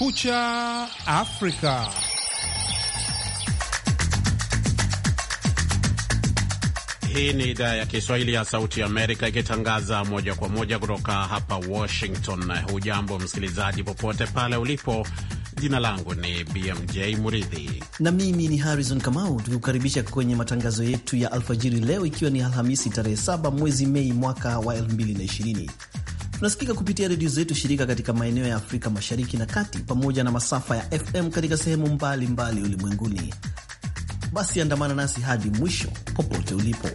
Kumekucha Afrika. Hii ni idhaa ya Kiswahili ya Sauti ya Amerika ikitangaza moja kwa moja kutoka hapa Washington. Hujambo msikilizaji, popote pale ulipo. Jina langu ni BMJ Muridhi na mimi ni Harrison Kamau, tukikukaribisha kwenye matangazo yetu ya alfajiri leo, ikiwa ni Alhamisi tarehe 7 mwezi Mei mwaka wa 2020. Tunasikika kupitia redio zetu shirika katika maeneo ya Afrika Mashariki na Kati, pamoja na masafa ya FM katika sehemu mbalimbali ulimwenguni. Basi andamana nasi hadi mwisho, popote ulipo.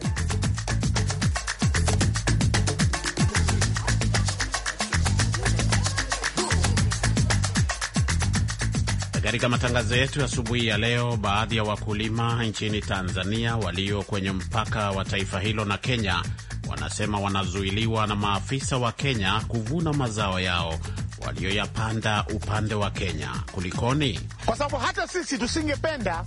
Katika matangazo yetu asubuhi ya leo, baadhi ya wakulima nchini Tanzania walio kwenye mpaka wa taifa hilo na Kenya wanasema wanazuiliwa na maafisa wa Kenya kuvuna mazao yao walioyapanda upande wa Kenya. Kulikoni? Kwa sababu hata sisi tusingependa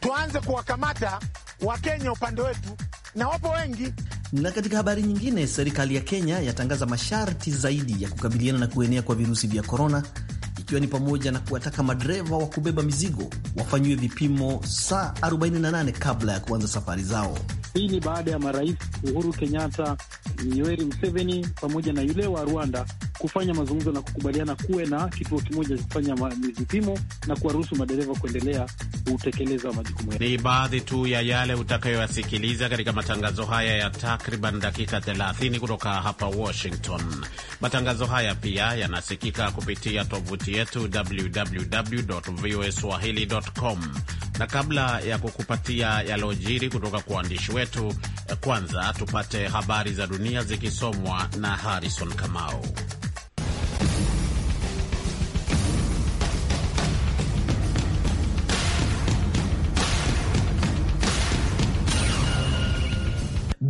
tuanze kuwakamata Wakenya upande wetu, na wapo wengi. Na katika habari nyingine, serikali ya Kenya yatangaza masharti zaidi ya kukabiliana na kuenea kwa virusi vya korona ikiwa ni pamoja na kuwataka madereva wa kubeba mizigo wafanyiwe vipimo saa 48 kabla ya kuanza safari zao. Hii ni baada ya marais Uhuru Kenyatta, Yoweri Museveni pamoja na yule wa Rwanda kufanya mazungumzo na kukubaliana kuwe na kituo kimoja cha kufanya vipimo na kuwaruhusu madereva kuendelea kutekeleza majukumu yao. Ni baadhi tu ya yale utakayoyasikiliza katika matangazo haya ya takriban dakika 30 kutoka hapa Washington. Matangazo haya pia yanasikika kupitia tovuti yetu www.voaswahili.com. Na kabla ya kukupatia yalojiri kutoka kwa waandishi wetu, eh, kwanza tupate habari za dunia zikisomwa na Harrison Kamau.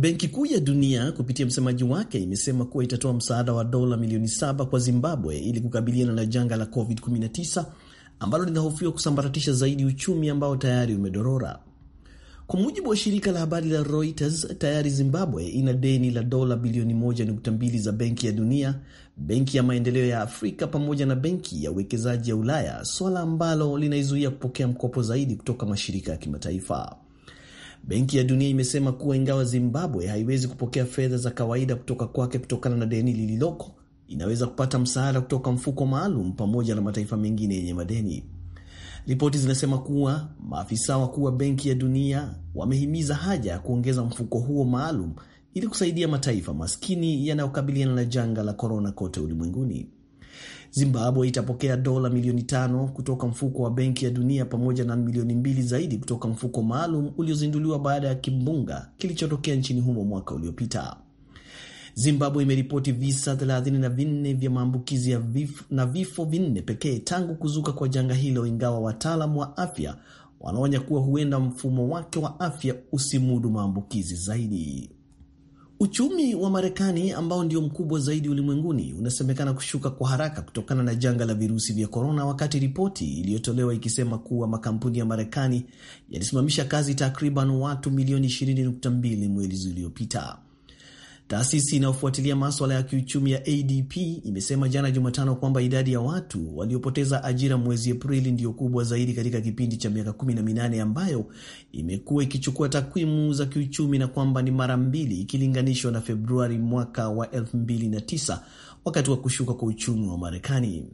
Benki Kuu ya Dunia kupitia msemaji wake imesema kuwa itatoa msaada wa dola milioni saba kwa Zimbabwe ili kukabiliana na janga la COVID-19 ambalo linahofiwa kusambaratisha zaidi uchumi ambao tayari umedorora. Kwa mujibu wa shirika la habari la Reuters, tayari Zimbabwe ina deni la dola bilioni 1.2 za Benki ya Dunia, Benki ya Maendeleo ya Afrika pamoja na Benki ya Uwekezaji ya Ulaya, swala ambalo linaizuia kupokea mkopo zaidi kutoka mashirika ya kimataifa. Benki ya Dunia imesema kuwa ingawa Zimbabwe haiwezi kupokea fedha za kawaida kutoka kwake kutokana na deni lililoko, inaweza kupata msaada kutoka mfuko maalum pamoja na mataifa mengine yenye madeni. Ripoti zinasema kuwa maafisa wakuu wa Benki ya Dunia wamehimiza haja ya kuongeza mfuko huo maalum ili kusaidia mataifa maskini yanayokabiliana na janga la korona kote ulimwenguni. Zimbabwe itapokea dola milioni tano kutoka mfuko wa Benki ya Dunia pamoja na milioni mbili zaidi kutoka mfuko maalum uliozinduliwa baada ya kimbunga kilichotokea nchini humo mwaka uliopita. Zimbabwe imeripoti visa 34 vya maambukizi ya vif, na vifo vinne pekee tangu kuzuka kwa janga hilo, ingawa wataalam wa afya wanaonya kuwa huenda mfumo wake wa afya usimudu maambukizi zaidi. Uchumi wa Marekani ambao ndio mkubwa zaidi ulimwenguni unasemekana kushuka kwa haraka kutokana na janga la virusi vya korona, wakati ripoti iliyotolewa ikisema kuwa makampuni ya Marekani yalisimamisha kazi takriban watu milioni 20.2 mwezi uliopita. Taasisi inayofuatilia maswala ya kiuchumi ya ADP imesema jana Jumatano kwamba idadi ya watu waliopoteza ajira mwezi Aprili ndiyo kubwa zaidi katika kipindi cha miaka 18 ambayo imekuwa ikichukua takwimu za kiuchumi na kwamba ni mara mbili ikilinganishwa na Februari mwaka wa 2009 wakati wa kushuka kwa uchumi wa Marekani.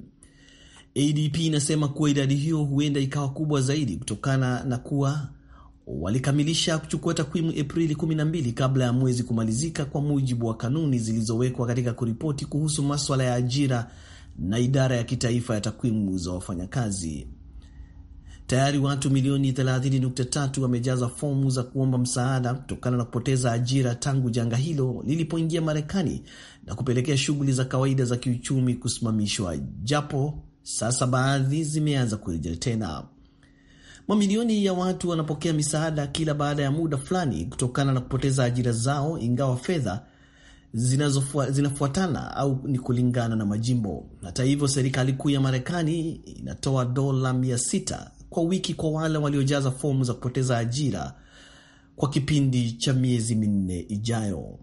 ADP inasema kuwa idadi hiyo huenda ikawa kubwa zaidi kutokana na kuwa walikamilisha kuchukua takwimu Aprili 12 kabla ya mwezi kumalizika, kwa mujibu wa kanuni zilizowekwa katika kuripoti kuhusu maswala ya ajira na idara ya kitaifa ya takwimu za wafanyakazi. Tayari watu milioni 30.3 wamejaza fomu za kuomba msaada kutokana na kupoteza ajira tangu janga hilo lilipoingia Marekani na kupelekea shughuli za kawaida za kiuchumi kusimamishwa, japo sasa baadhi zimeanza kurejea tena. Mamilioni ya watu wanapokea misaada kila baada ya muda fulani kutokana na kupoteza ajira zao, ingawa fedha zinafuatana au ni kulingana na majimbo. Hata hivyo, serikali kuu ya Marekani inatoa dola mia sita kwa wiki kwa wale waliojaza fomu za kupoteza ajira kwa kipindi cha miezi minne ijayo.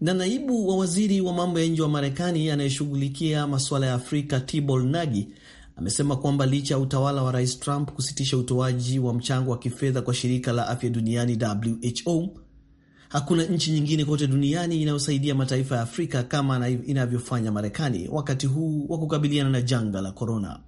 Na naibu wa waziri wa mambo ya nje wa Marekani anayeshughulikia masuala ya Afrika Tibol Nagi amesema kwamba licha ya utawala wa Rais Trump kusitisha utoaji wa mchango wa kifedha kwa shirika la afya duniani WHO, hakuna nchi nyingine kote duniani inayosaidia mataifa ya Afrika kama inavyofanya Marekani wakati huu wa kukabiliana na janga la korona.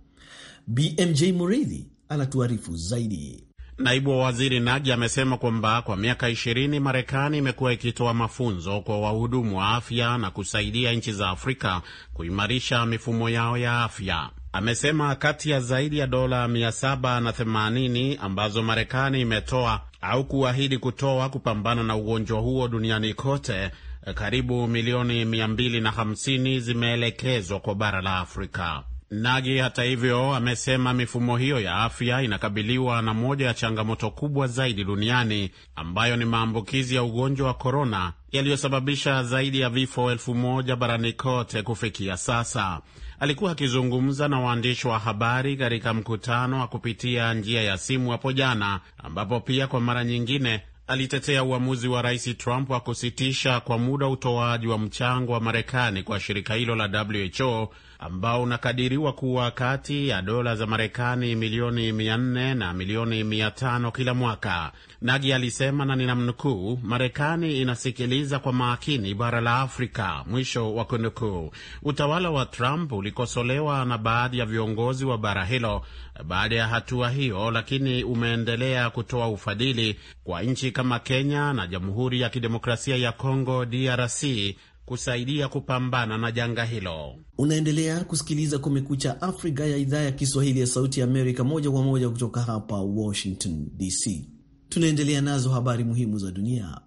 BMJ Muridhi anatuarifu zaidi. Naibu wa waziri nagi amesema kwamba kwa miaka 20 Marekani imekuwa ikitoa mafunzo kwa wahudumu wa afya na kusaidia nchi za Afrika kuimarisha mifumo yao ya afya amesema kati ya zaidi ya dola 780 ambazo Marekani imetoa au kuahidi kutoa kupambana na ugonjwa huo duniani kote, karibu milioni 250 zimeelekezwa kwa bara la Afrika. Nagi hata hivyo amesema mifumo hiyo ya afya inakabiliwa na moja ya changamoto kubwa zaidi duniani ambayo ni maambukizi ya ugonjwa wa korona yaliyosababisha zaidi ya vifo elfu moja barani kote kufikia sasa. Alikuwa akizungumza na waandishi wa habari katika mkutano wa kupitia njia ya simu hapo jana, ambapo pia kwa mara nyingine alitetea uamuzi wa rais Trump wa kusitisha kwa muda utoaji wa mchango wa Marekani kwa shirika hilo la WHO ambao unakadiriwa kuwa kati ya dola za Marekani milioni 400 na milioni 500 kila mwaka. Nagi alisema na ninamnukuu, Marekani inasikiliza kwa makini bara la Afrika, mwisho wa kunukuu. Utawala wa Trump ulikosolewa na baadhi ya viongozi wa bara hilo baada ya hatua hiyo, lakini umeendelea kutoa ufadhili kwa nchi kama Kenya na Jamhuri ya Kidemokrasia ya Kongo DRC kusaidia kupambana na janga hilo. Unaendelea kusikiliza Kumekucha Afrika ya idhaa ya Kiswahili ya Sauti Amerika, moja kwa moja kutoka hapa Washington DC. Tunaendelea nazo habari muhimu za dunia.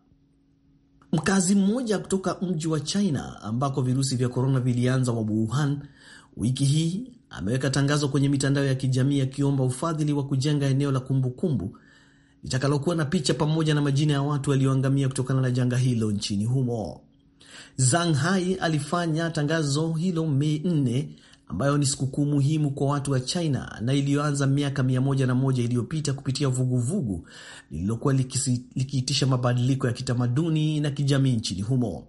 Mkazi mmoja kutoka mji wa China ambako virusi vya korona vilianza wa Wuhan wiki hii ameweka tangazo kwenye mitandao ya kijamii akiomba ufadhili wa kujenga eneo la kumbukumbu litakalokuwa na picha pamoja na majina ya watu walioangamia kutokana na janga hilo nchini humo. Zhang Hai alifanya tangazo hilo Mei 4 ambayo ni sikukuu muhimu kwa watu wa China na iliyoanza miaka mia moja na moja iliyopita kupitia vuguvugu lililokuwa likiitisha mabadiliko ya kitamaduni na kijamii nchini humo.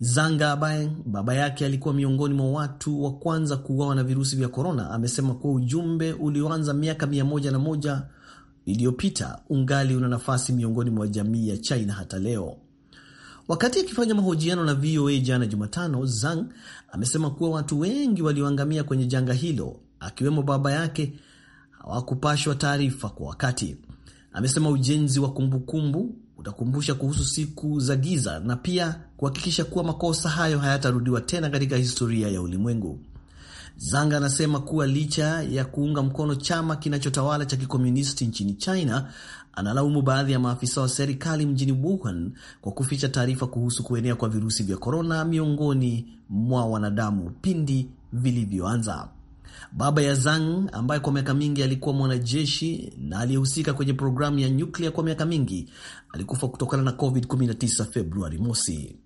zanga ambaye baba yake alikuwa miongoni mwa watu wa kwanza kuuawa na virusi vya korona, amesema kuwa ujumbe ulioanza miaka mia moja na moja iliyopita ungali una nafasi miongoni mwa jamii ya China hata leo. Wakati akifanya mahojiano na VOA jana Jumatano, Zhang amesema kuwa watu wengi walioangamia kwenye janga hilo akiwemo baba yake hawakupashwa taarifa kwa wakati. Amesema ujenzi wa kumbukumbu utakumbusha kuhusu siku za giza na pia kuhakikisha kuwa makosa hayo hayatarudiwa tena katika historia ya ulimwengu. Zanga anasema kuwa licha ya kuunga mkono chama kinachotawala cha kikomunisti nchini China, analaumu baadhi ya maafisa wa serikali mjini Wuhan kwa kuficha taarifa kuhusu kuenea kwa virusi vya korona miongoni mwa wanadamu pindi vilivyoanza. Baba ya Zhang ambaye kwa miaka mingi alikuwa mwanajeshi na aliyehusika kwenye programu ya nyuklia kwa miaka mingi alikufa kutokana na COVID-19 Februari mosi.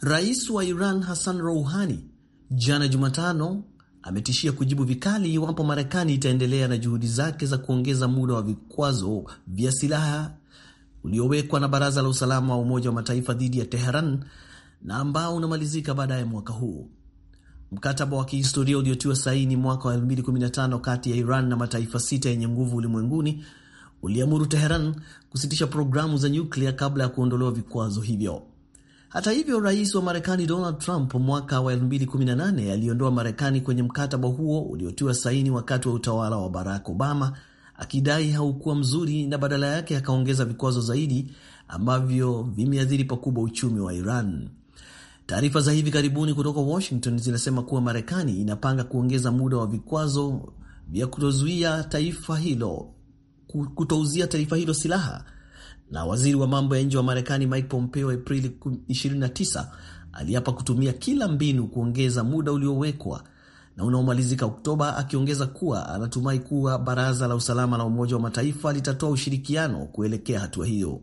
Rais wa Iran Hassan Rouhani jana Jumatano ametishia kujibu vikali iwapo Marekani itaendelea na juhudi zake za kuongeza muda wa vikwazo vya silaha uliowekwa na Baraza la Usalama wa Umoja wa Mataifa dhidi ya Teheran na ambao unamalizika baadaye mwaka huu. Mkataba wa kihistoria uliotiwa saini mwaka wa 2015 kati ya Iran na mataifa sita yenye nguvu ulimwenguni uliamuru Teheran kusitisha programu za nyuklia kabla ya kuondolewa vikwazo hivyo. Hata hivyo, rais wa Marekani Donald Trump mwaka wa 2018 aliondoa Marekani kwenye mkataba huo uliotiwa saini wakati wa utawala wa Barack Obama akidai haukuwa mzuri na badala yake akaongeza vikwazo zaidi ambavyo vimeathiri pakubwa uchumi wa Iran. Taarifa za hivi karibuni kutoka Washington zinasema kuwa Marekani inapanga kuongeza muda wa vikwazo vya kutozuia taifa hilo kutouzia taifa hilo silaha na waziri wa mambo ya nje wa Marekani Mike Pompeo Aprili 29 aliapa kutumia kila mbinu kuongeza muda uliowekwa na unaomalizika Oktoba, akiongeza kuwa anatumai kuwa Baraza la Usalama la Umoja wa Mataifa litatoa ushirikiano kuelekea hatua hiyo.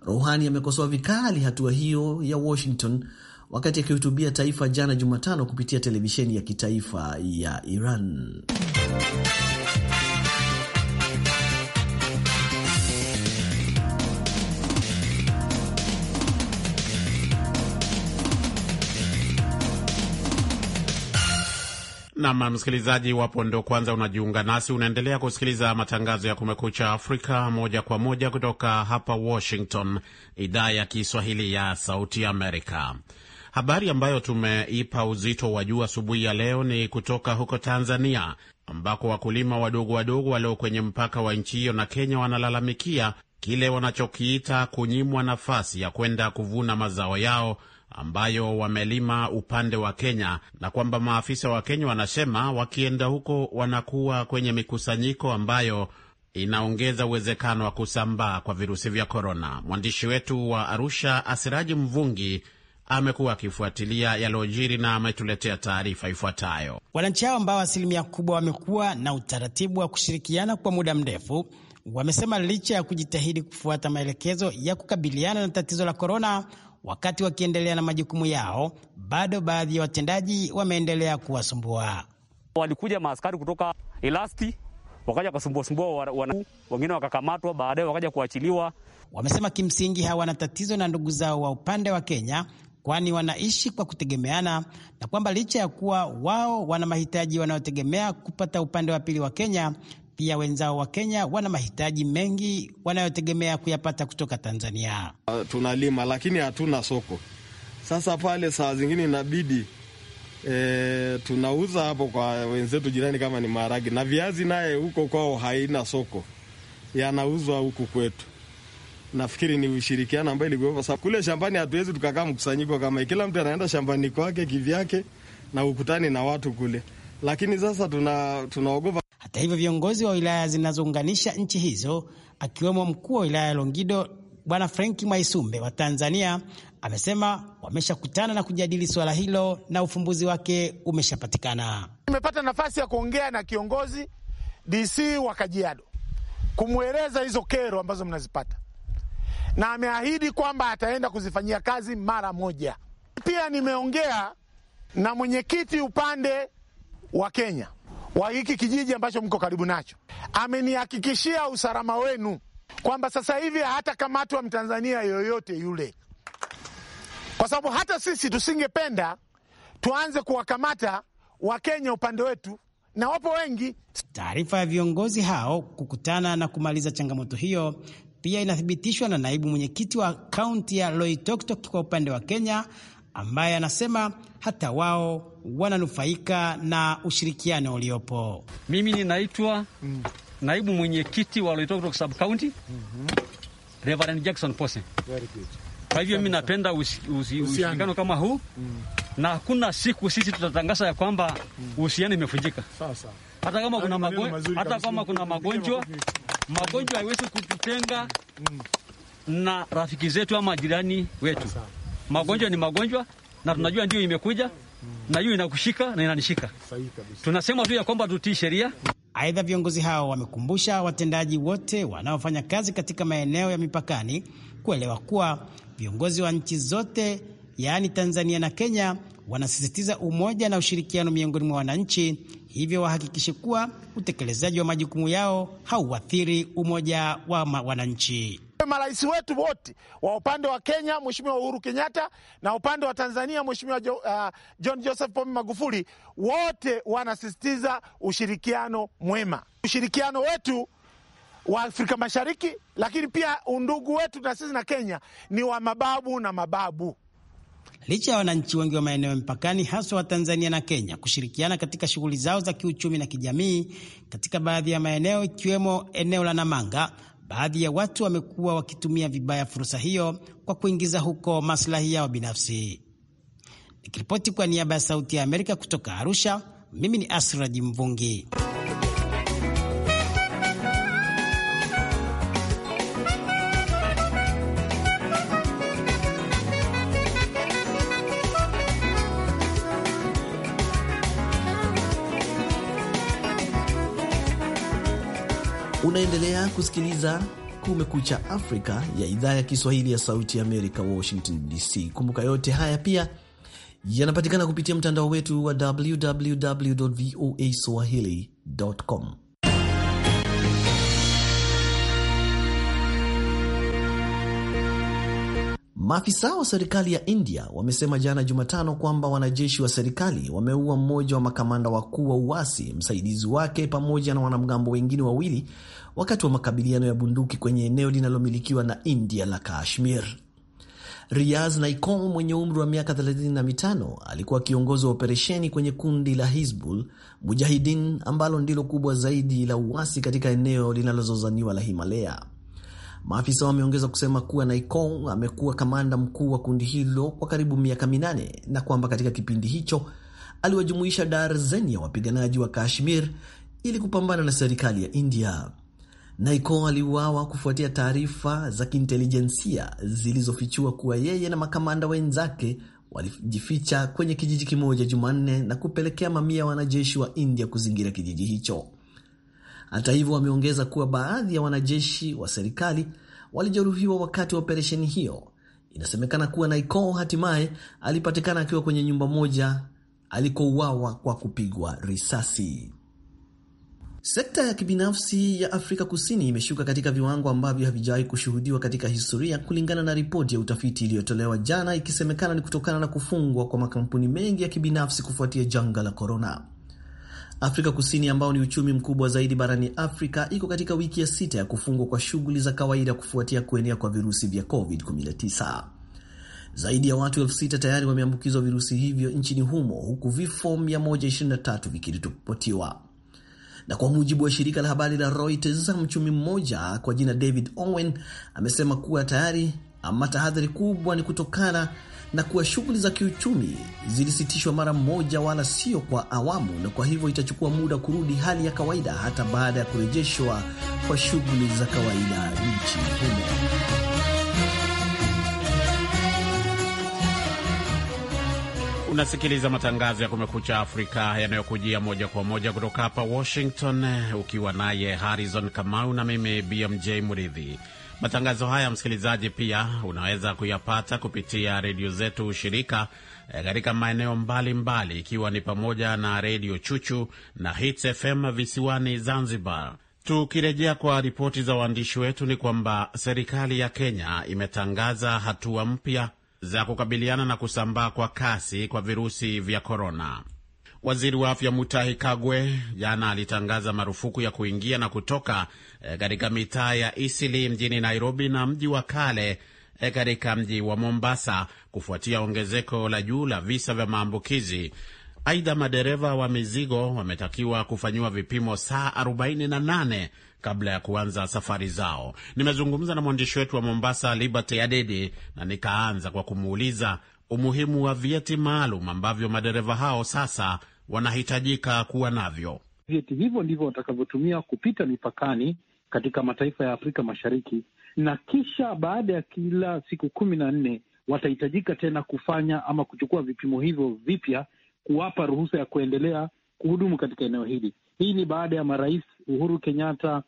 Rohani amekosoa vikali hatua hiyo ya Washington wakati akihutubia taifa jana Jumatano kupitia televisheni ya kitaifa ya Iran. Nam msikilizaji, iwapo ndo kwanza unajiunga nasi, unaendelea kusikiliza matangazo ya Kumekucha Afrika moja kwa moja kutoka hapa Washington, idhaa ya Kiswahili ya Sauti Amerika. Habari ambayo tumeipa uzito wa juu asubuhi ya leo ni kutoka huko Tanzania, ambako wakulima wadogo wadogo walio kwenye mpaka wa nchi hiyo na Kenya wanalalamikia kile wanachokiita kunyimwa nafasi ya kwenda kuvuna mazao yao ambayo wamelima upande wa Kenya, na kwamba maafisa wa Kenya wanasema wakienda huko wanakuwa kwenye mikusanyiko ambayo inaongeza uwezekano wa kusambaa kwa virusi vya korona. Mwandishi wetu wa Arusha, Asiraji Mvungi, amekuwa akifuatilia yaliyojiri na ametuletea taarifa ifuatayo. Wananchi hao ambao asilimia kubwa wamekuwa na utaratibu wa kushirikiana kwa muda mrefu wamesema licha ya kujitahidi kufuata maelekezo ya kukabiliana na tatizo la korona, Wakati wakiendelea na majukumu yao, bado baadhi ya watendaji wameendelea kuwasumbua. Walikuja maaskari kutoka Ilasti wakaja wakasumbuasumbua wengine wakakamatwa, baadaye wakaja kuachiliwa. Wamesema kimsingi hawana tatizo na ndugu zao wa upande wa Kenya, kwani wanaishi kwa kutegemeana na kwamba licha ya kuwa wao wana mahitaji wanayotegemea kupata upande wa pili wa Kenya, pia wenzao wa Kenya wana mahitaji mengi wanayotegemea kuyapata kutoka Tanzania. Tunalima lakini hatuna soko. Sasa pale saa zingine inabidi e, tunauza hapo kwa wenzetu jirani, kama ni maharage na viazi, naye huko kwao haina soko, yanauzwa huku kwetu. Nafikiri ni ushirikiano ambayo ilikuwepo. kule shambani hatuwezi tukakaa mkusanyiko kama kila mtu anaenda shambani kwake kivyake na ukutani na watu kule, lakini sasa tuna tunaogopa hata hivyo, viongozi wa wilaya zinazounganisha nchi hizo akiwemo mkuu wa wilaya ya Longido Bwana Frenki Mwaisumbe wa Tanzania amesema wameshakutana na kujadili suala hilo na ufumbuzi wake umeshapatikana. Nimepata nafasi ya kuongea na kiongozi DC wa Kajiado kumweleza hizo kero ambazo mnazipata, na ameahidi kwamba ataenda kuzifanyia kazi mara moja. Pia nimeongea na mwenyekiti upande wa Kenya wa hiki kijiji ambacho mko karibu nacho. Amenihakikishia usalama wenu kwamba sasa hivi hatakamatwa Mtanzania yoyote yule, kwa sababu hata sisi tusingependa tuanze kuwakamata Wakenya upande wetu, na wapo wengi. Taarifa ya viongozi hao kukutana na kumaliza changamoto hiyo pia inathibitishwa na naibu mwenyekiti wa kaunti ya Loitoktok kwa upande wa Kenya ambaye anasema hata wao wananufaika na ushirikiano uliopo. Mimi ninaitwa mm. naibu mwenyekiti wa Loitokitok kutoka sub county mm -hmm. Reverend Jackson Pose. Kwa hivyo mimi napenda ushirikiano kama huu mm. na hakuna siku sisi tutatangaza ya kwamba mm. uhusiano imevunjika, hata kama kuna magonjwa, hata kama kuna magonjwa, magonjwa haiwezi kututenga mm. na rafiki zetu ama jirani wetu. Sasa. Magonjwa ni magonjwa na tunajua ndio imekuja na hiyo inakushika na inanishika. Tunasema tu ya kwamba tutii sheria. Aidha, viongozi hao wamekumbusha watendaji wote wanaofanya kazi katika maeneo ya mipakani kuelewa kuwa viongozi wa nchi zote yaani Tanzania na Kenya wanasisitiza umoja na ushirikiano miongoni mwa wananchi, hivyo wahakikishe kuwa utekelezaji wa majukumu yao hauathiri umoja wa wananchi marais wetu wote wa upande wa Kenya Mheshimiwa Uhuru Kenyatta na upande wa Tanzania Mheshimiwa jo, uh, John Joseph Pombe Magufuli, wote wanasisitiza ushirikiano mwema, ushirikiano wetu wa Afrika Mashariki, lakini pia undugu wetu na sisi na Kenya ni wa mababu na mababu. Licha ya wananchi wengi wa maeneo ya mpakani haswa wa Tanzania na Kenya kushirikiana katika shughuli zao za kiuchumi na kijamii katika baadhi ya maeneo ikiwemo eneo la Namanga baadhi ya watu wamekuwa wakitumia vibaya fursa hiyo kwa kuingiza huko maslahi yao binafsi. Nikiripoti kwa niaba ya Sauti ya Amerika kutoka Arusha, mimi ni Asraji Mvungi. Unaendelea kusikiliza Kumekucha Afrika ya idhaa ya Kiswahili ya Sauti ya Amerika, Washington DC. Kumbuka yote haya pia yanapatikana kupitia mtandao wetu wa www voa swahili com Maafisa wa serikali ya India wamesema jana Jumatano kwamba wanajeshi wa serikali wameua mmoja wa makamanda wakuu wa uasi, msaidizi wake, pamoja na wanamgambo wengine wawili wakati wa makabiliano ya bunduki kwenye eneo linalomilikiwa na India la Kashmir. Riaz Naikom mwenye umri wa miaka 35 alikuwa kiongozi wa operesheni kwenye kundi la Hizbul Mujahidin ambalo ndilo kubwa zaidi la uasi katika eneo linalozozaniwa la Himalaya. Maafisa wameongeza kusema kuwa Naikon amekuwa kamanda mkuu wa kundi hilo kwa karibu miaka minane na kwamba katika kipindi hicho aliwajumuisha darzeni ya wapiganaji wa Kashmir ili kupambana na serikali ya India. Naiko aliuawa kufuatia taarifa za kiintelijensia zilizofichua kuwa yeye na makamanda wenzake walijificha kwenye kijiji kimoja Jumanne na kupelekea mamia ya wanajeshi wa India kuzingira kijiji hicho. Hata hivyo, wameongeza kuwa baadhi ya wanajeshi wa serikali walijeruhiwa wakati wa operesheni hiyo. Inasemekana kuwa Naiko hatimaye alipatikana akiwa kwenye nyumba moja alikouawa kwa kupigwa risasi. Sekta ya kibinafsi ya Afrika Kusini imeshuka katika viwango ambavyo havijawahi kushuhudiwa katika historia, kulingana na ripoti ya utafiti iliyotolewa jana, ikisemekana ni kutokana na kufungwa kwa makampuni mengi ya kibinafsi kufuatia janga la korona. Afrika Kusini ambao ni uchumi mkubwa zaidi barani Afrika iko katika wiki ya sita ya kufungwa kwa shughuli za kawaida kufuatia kuenea kwa virusi vya COVID-19. Zaidi ya watu elfu sita tayari wameambukizwa virusi hivyo nchini humo huku vifo 123 vikiripotiwa. Na kwa mujibu wa shirika la habari la Reuters, mchumi mmoja kwa jina David Owen amesema kuwa tayari ama tahadhari kubwa ni kutokana na kuwa shughuli za kiuchumi zilisitishwa mara moja, wala sio kwa awamu, na kwa hivyo itachukua muda kurudi hali ya kawaida hata baada ya kurejeshwa kwa shughuli za kawaida nchini humo. Unasikiliza matangazo ya Kumekucha Afrika yanayokujia moja kwa moja kutoka hapa Washington, ukiwa naye Harrison Kamau na mimi BMJ Muridhi. Matangazo haya msikilizaji, pia unaweza kuyapata kupitia redio zetu shirika eh, katika maeneo mbalimbali, ikiwa ni pamoja na redio Chuchu na Hits FM visiwani Zanzibar. Tukirejea kwa ripoti za waandishi wetu, ni kwamba serikali ya Kenya imetangaza hatua mpya za kukabiliana na kusambaa kwa kasi kwa virusi vya korona. Waziri wa afya Mutahi Kagwe jana alitangaza marufuku ya kuingia na kutoka eh, katika mitaa ya Isili mjini Nairobi na mji wa kale eh, katika mji wa Mombasa kufuatia ongezeko la juu la visa vya maambukizi. Aidha, madereva wa mizigo wametakiwa kufanyiwa vipimo saa 48 kabla ya kuanza safari zao. Nimezungumza na mwandishi wetu wa Mombasa, Liberty Adedi, na nikaanza kwa kumuuliza umuhimu wa vyeti maalum ambavyo madereva hao sasa wanahitajika kuwa navyo. Vyeti hivyo ndivyo watakavyotumia kupita mipakani katika mataifa ya Afrika Mashariki, na kisha baada ya kila siku kumi na nne watahitajika tena kufanya ama kuchukua vipimo hivyo vipya kuwapa ruhusa ya kuendelea kuhudumu katika eneo hili. Hii ni baada ya marais Uhuru Kenyatta,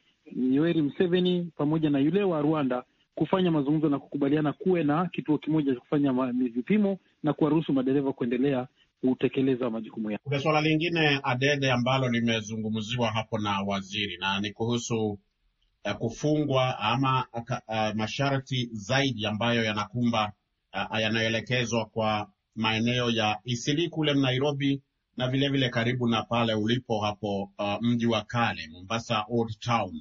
Yoweri Museveni pamoja na yule wa Rwanda kufanya mazungumzo na kukubaliana kuwe na kituo kimoja cha kufanya vipimo na kuwaruhusu madereva kuendelea kutekeleza majukumu yao. Kuna suala lingine Adede, ambalo limezungumziwa hapo na waziri, na ni kuhusu uh, kufungwa ama uh, masharti zaidi ambayo yanakumba uh, eh, yanayoelekezwa kwa maeneo ya Isili kule Nairobi na vilevile vile karibu na pale ulipo hapo, uh, mji wa kale Mombasa Old Town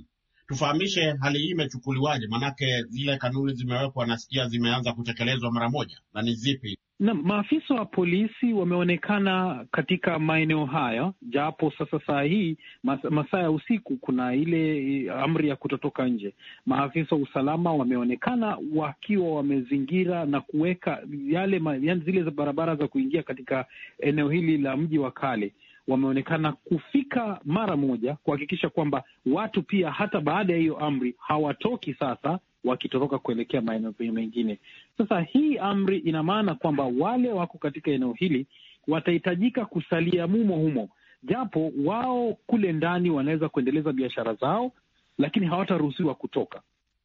tufahamishe hali hii imechukuliwaje? Maanake zile kanuni zimewekwa, nasikia zimeanza kutekelezwa mara moja, na ni zipi? Na maafisa wa polisi wameonekana katika maeneo hayo japo sasa saa hii mas, masaa ya usiku kuna ile eh, amri ya kutotoka nje. Maafisa wa usalama wameonekana wakiwa wamezingira na kuweka yale ma, yani zile barabara za kuingia katika eneo hili la mji wa kale wameonekana kufika mara moja kuhakikisha kwamba watu pia hata baada ya hiyo amri hawatoki sasa wakitoroka kuelekea maeneo mengine. Sasa hii amri ina maana kwamba wale wako katika eneo hili watahitajika kusalia mumo humo, japo wao kule ndani wanaweza kuendeleza biashara zao, lakini hawataruhusiwa kutoka.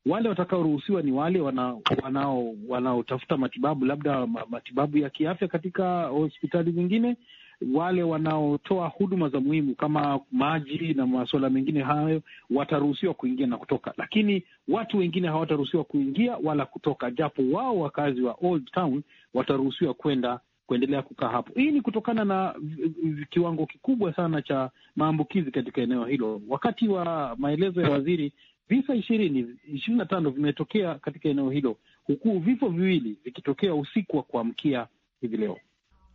Wale watakaoruhusiwa ni wale wanaotafuta wana, wana matibabu, labda matibabu ya kiafya katika hospitali zingine wale wanaotoa huduma za muhimu kama maji na masuala mengine hayo wataruhusiwa kuingia na kutoka, lakini watu wengine hawataruhusiwa kuingia wala kutoka, japo wao wakazi wa Old Town wataruhusiwa kwenda kuendelea kukaa hapo. Hii ni kutokana na kiwango kikubwa sana cha maambukizi katika eneo hilo. Wakati wa maelezo ya waziri, visa ishirini ishirini na tano vimetokea katika eneo hilo, huku vifo viwili vikitokea usiku wa kuamkia hivi leo.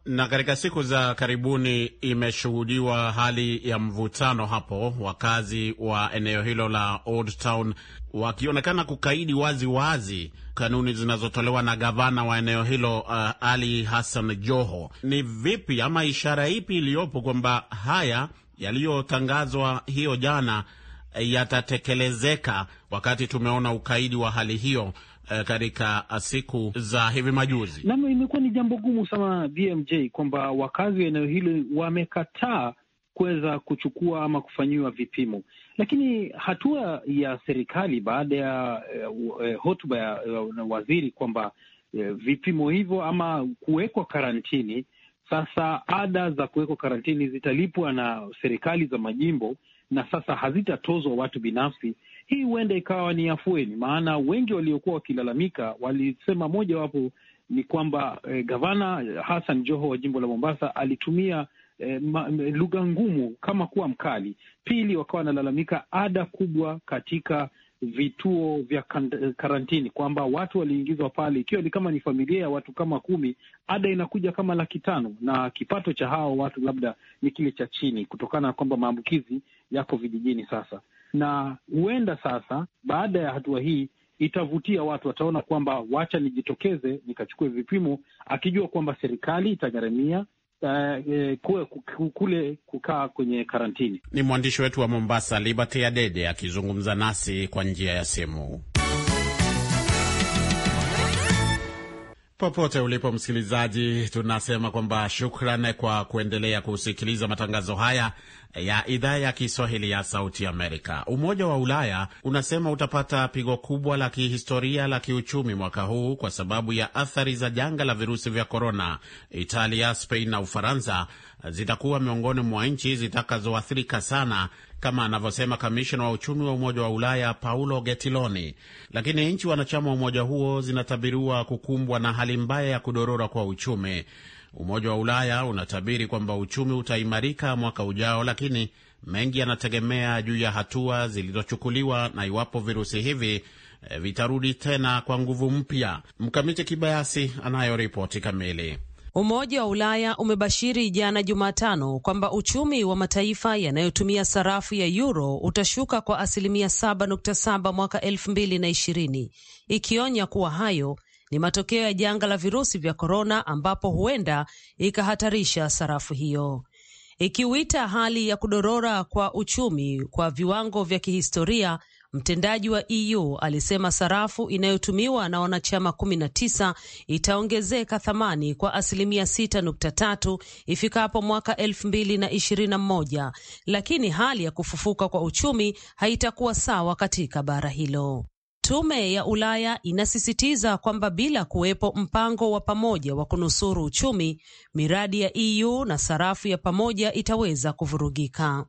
Na katika siku za karibuni imeshuhudiwa hali ya mvutano hapo, wakazi wa eneo hilo la Old Town wakionekana kukaidi wazi wazi kanuni zinazotolewa na gavana wa eneo hilo uh, Ali Hassan Joho. Ni vipi ama ishara ipi iliyopo kwamba haya yaliyotangazwa hiyo jana yatatekelezeka, wakati tumeona ukaidi wa hali hiyo eh, katika eh, siku za hivi majuzi. Nam, imekuwa ni jambo gumu sana BMJ kwamba wakazi wa eneo hilo wamekataa kuweza kuchukua ama kufanyiwa vipimo, lakini hatua ya serikali baada ya uh, hotuba ya uh, waziri kwamba uh, vipimo hivyo ama kuwekwa karantini sasa ada za kuwekwa karantini zitalipwa na serikali za majimbo na sasa hazitatozwa watu binafsi, hii huenda ikawa ni afueni, maana wengi waliokuwa wakilalamika walisema mojawapo ni kwamba eh, gavana eh, Hassan Joho wa jimbo la Mombasa alitumia eh, eh, lugha ngumu kama kuwa mkali. Pili, wakawa wanalalamika ada kubwa katika vituo vya eh, karantini kwamba watu waliingizwa pale, ikiwa ni kama ni familia ya watu kama kumi, ada inakuja kama laki tano na kipato cha hao watu labda ni kile cha chini, kutokana na kwamba maambukizi yako vijijini. Sasa na huenda sasa, baada ya hatua hii itavutia watu, wataona kwamba wacha nijitokeze nikachukue vipimo, akijua kwamba serikali itagharamia uh, kule kukaa kwenye karantini. Ni mwandishi wetu wa Mombasa, Liberty Adede akizungumza nasi kwa njia ya simu. Popote ulipo msikilizaji, tunasema kwamba shukran kwa kuendelea kusikiliza matangazo haya ya idhaa ya Kiswahili ya Sauti Amerika. Umoja wa Ulaya unasema utapata pigo kubwa la kihistoria la kiuchumi mwaka huu kwa sababu ya athari za janga la virusi vya korona. Italia, Spain na Ufaransa zitakuwa miongoni mwa nchi zitakazoathirika sana kama anavyosema kamishna wa uchumi wa Umoja wa Ulaya Paulo getiloni lakini nchi wanachama wa umoja huo zinatabiriwa kukumbwa na hali mbaya ya kudorora kwa uchumi. Umoja wa Ulaya unatabiri kwamba uchumi utaimarika mwaka ujao, lakini mengi yanategemea juu ya hatua zilizochukuliwa na iwapo virusi hivi eh, vitarudi tena kwa nguvu mpya. Mkamiti Kibayasi anayo ripoti kamili. Umoja wa Ulaya umebashiri jana Jumatano kwamba uchumi wa mataifa yanayotumia sarafu ya euro utashuka kwa asilimia 7.7 mwaka 2020, ikionya kuwa hayo ni matokeo ya janga la virusi vya korona, ambapo huenda ikahatarisha sarafu hiyo, ikiwita hali ya kudorora kwa uchumi kwa viwango vya kihistoria Mtendaji wa EU alisema sarafu inayotumiwa na wanachama 19 itaongezeka thamani kwa asilimia 6.3 ifikapo mwaka 2021, lakini hali ya kufufuka kwa uchumi haitakuwa sawa katika bara hilo. Tume ya Ulaya inasisitiza kwamba bila kuwepo mpango wa pamoja wa kunusuru uchumi, miradi ya EU na sarafu ya pamoja itaweza kuvurugika.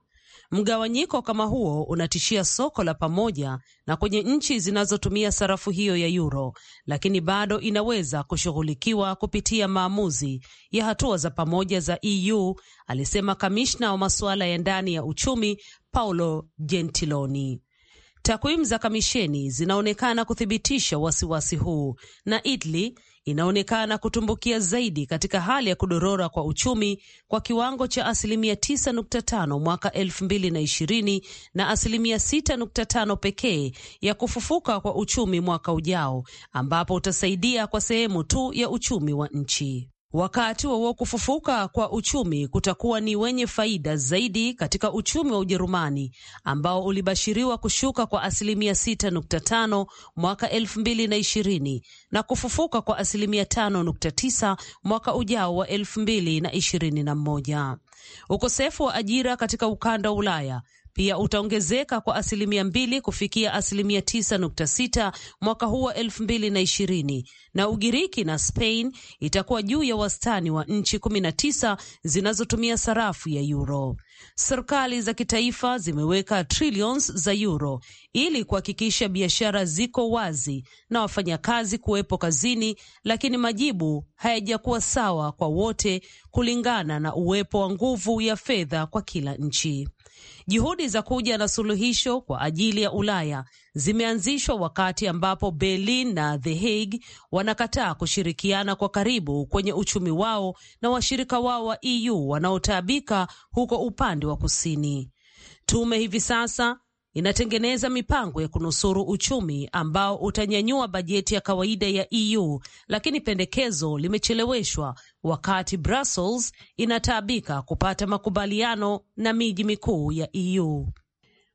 Mgawanyiko kama huo unatishia soko la pamoja na kwenye nchi zinazotumia sarafu hiyo ya euro, lakini bado inaweza kushughulikiwa kupitia maamuzi ya hatua za pamoja za EU, alisema kamishna wa masuala ya ndani ya uchumi Paolo Gentiloni. Takwimu za kamisheni zinaonekana kuthibitisha wasiwasi huu na Italy inaonekana kutumbukia zaidi katika hali ya kudorora kwa uchumi kwa kiwango cha asilimia 9.5 mwaka 2020 na asilimia 6.5 pekee ya kufufuka kwa uchumi mwaka ujao, ambapo utasaidia kwa sehemu tu ya uchumi wa nchi. Wakati wa kufufuka kwa uchumi kutakuwa ni wenye faida zaidi katika uchumi wa Ujerumani ambao ulibashiriwa kushuka kwa asilimia 6.5 mwaka 2020 na kufufuka kwa asilimia 5.9 mwaka ujao wa 2021. Ukosefu wa ajira katika ukanda wa Ulaya pia utaongezeka kwa asilimia mbili kufikia asilimia tisa nukta sita mwaka huu wa elfu mbili na ishirini na Ugiriki na Spain itakuwa juu ya wastani wa nchi kumi na tisa zinazotumia sarafu ya euro. Serikali za kitaifa zimeweka trilioni za euro ili kuhakikisha biashara ziko wazi na wafanyakazi kuwepo kazini, lakini majibu hayajakuwa sawa kwa wote kulingana na uwepo wa nguvu ya fedha kwa kila nchi. Juhudi za kuja na suluhisho kwa ajili ya Ulaya zimeanzishwa wakati ambapo Berlin na The Hague wanakataa kushirikiana kwa karibu kwenye uchumi wao na washirika wao wa EU wanaotaabika huko upande wa kusini. Tume hivi sasa inatengeneza mipango ya kunusuru uchumi ambao utanyanyua bajeti ya kawaida ya EU, lakini pendekezo limecheleweshwa wakati Brussels inataabika kupata makubaliano na miji mikuu ya EU.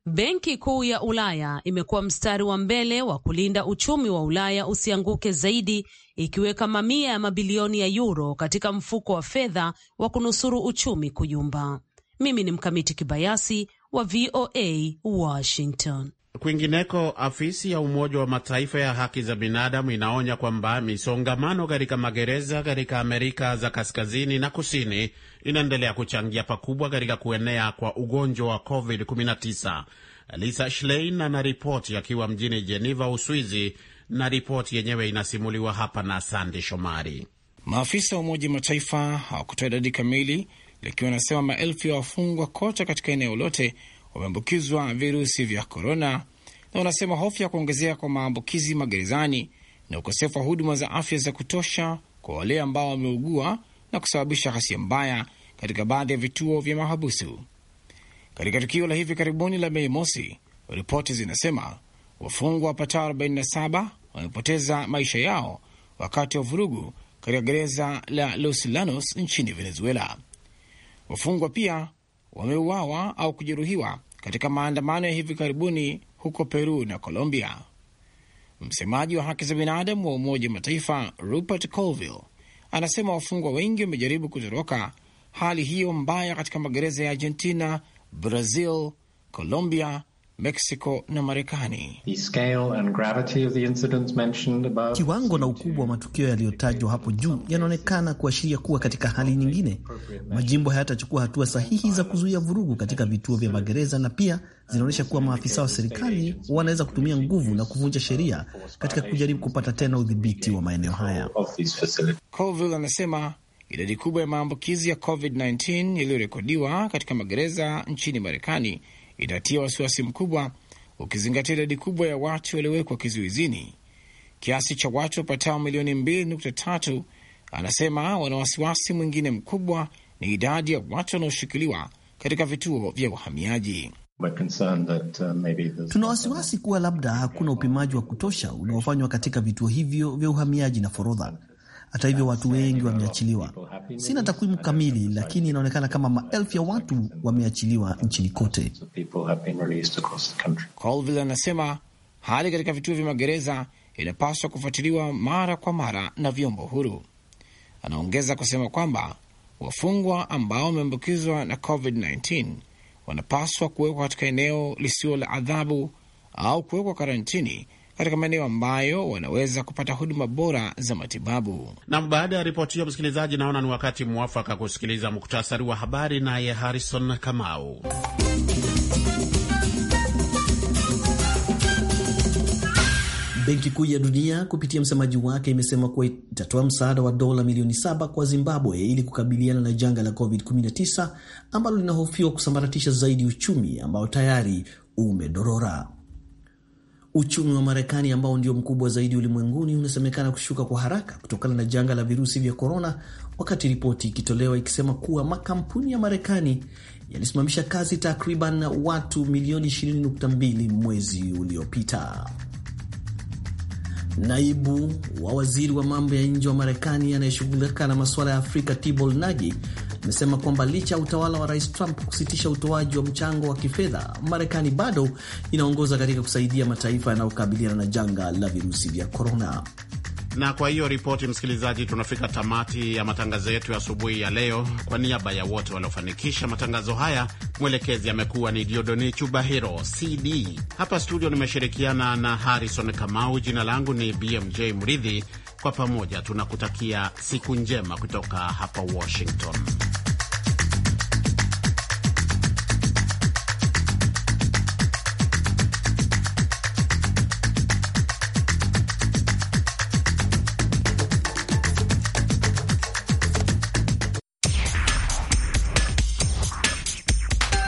Benki Kuu ya Ulaya imekuwa mstari wa mbele wa kulinda uchumi wa Ulaya usianguke zaidi, ikiweka mamia ya mabilioni ya yuro katika mfuko wa fedha wa kunusuru uchumi kuyumba. Mimi ni Mkamiti Kibayasi wa VOA Washington. Kwingineko, afisi ya Umoja wa Mataifa ya haki za binadamu inaonya kwamba misongamano katika magereza katika Amerika za kaskazini na kusini inaendelea kuchangia pakubwa katika kuenea kwa ugonjwa wa COVID-19. Lisa Schlein anaripoti akiwa mjini Jeneva, Uswizi, na ripoti yenyewe inasimuliwa hapa na Sande Shomari. Maafisa wa Umoja wa Mataifa hawakutoa idadi kamili likiwa nasema maelfu ya wafungwa kote katika eneo lote wameambukizwa virusi vya korona, na wanasema hofu ya kuongezeka kwa maambukizi magerezani na ukosefu wa huduma za afya za kutosha kwa wale ambao wameugua na kusababisha ghasia mbaya katika baadhi ya vituo vya mahabusu. Katika tukio la hivi karibuni la Mei Mosi, ripoti zinasema wafungwa wapatao 47 wamepoteza maisha yao wakati wa vurugu katika gereza la Los Llanos nchini Venezuela. Wafungwa pia wameuawa au kujeruhiwa katika maandamano ya hivi karibuni huko Peru na Colombia. Msemaji wa haki za binadamu wa Umoja wa Mataifa Rupert Colville anasema wafungwa wengi wamejaribu kutoroka hali hiyo mbaya katika magereza ya Argentina, Brazil, Colombia Meksiko na Marekani. Kiwango na ukubwa wa matukio yaliyotajwa hapo juu yanaonekana kuashiria kuwa katika hali nyingine, majimbo hayatachukua hatua sahihi za kuzuia vurugu katika vituo vya magereza, na pia zinaonyesha kuwa maafisa wa serikali wanaweza kutumia nguvu na kuvunja sheria katika kujaribu kupata tena udhibiti wa maeneo haya. Colville idadi kubwa ya maambukizi ya COVID-19 yaliyorekodiwa katika magereza nchini Marekani inatia wasiwasi mkubwa, ukizingatia idadi kubwa ya watu waliowekwa kizuizini. Kiasi cha watu wapatao milioni 2.3 anasema wana wasiwasi mwingine mkubwa ni idadi ya watu wanaoshikiliwa katika vituo vya uhamiaji. Uh, Tuna wasiwasi kuwa labda hakuna upimaji wa kutosha unaofanywa katika vituo hivyo vya uhamiaji na forodha hata hivyo watu wengi wameachiliwa. Sina takwimu kamili, lakini inaonekana kama maelfu ya watu wameachiliwa nchini kote. Colville anasema hali katika vituo vya magereza inapaswa kufuatiliwa mara kwa mara na vyombo huru. Anaongeza kusema kwamba wafungwa ambao wameambukizwa na COVID-19 wanapaswa kuwekwa katika eneo lisilo la adhabu au kuwekwa karantini katika maeneo ambayo wanaweza kupata huduma bora za matibabu. Na baada ya ripoti hiyo, msikilizaji, naona ni wakati mwafaka kusikiliza muktasari wa habari, naye Harrison Kamau. Benki Kuu ya Dunia kupitia msemaji wake imesema kuwa itatoa msaada wa dola milioni saba kwa Zimbabwe ili kukabiliana na janga la COVID-19 ambalo linahofiwa kusambaratisha zaidi uchumi ambao tayari umedorora. Uchumi wa Marekani ambao ndio mkubwa zaidi ulimwenguni unasemekana kushuka kwa haraka kutokana na janga la virusi vya korona, wakati ripoti ikitolewa ikisema kuwa makampuni ya Marekani yalisimamisha kazi takriban watu milioni 20.2 mwezi uliopita. Naibu wa waziri wa mambo ya nje wa Marekani anayeshughulika na masuala ya Afrika Tibol Nagi imesema kwamba licha ya utawala wa Rais Trump kusitisha utoaji wa mchango wa kifedha, Marekani bado inaongoza katika kusaidia mataifa yanayokabiliana na janga la virusi vya korona. Na kwa hiyo ripoti, msikilizaji, tunafika tamati ya matangazo yetu asubuhi ya, ya leo. Kwa niaba ya wote waliofanikisha matangazo haya, mwelekezi amekuwa ni Diodoni Chubahiro CD. Hapa studio nimeshirikiana na Harrison Kamau. Jina langu ni BMJ Mridhi. Kwa pamoja tunakutakia siku njema kutoka hapa Washington.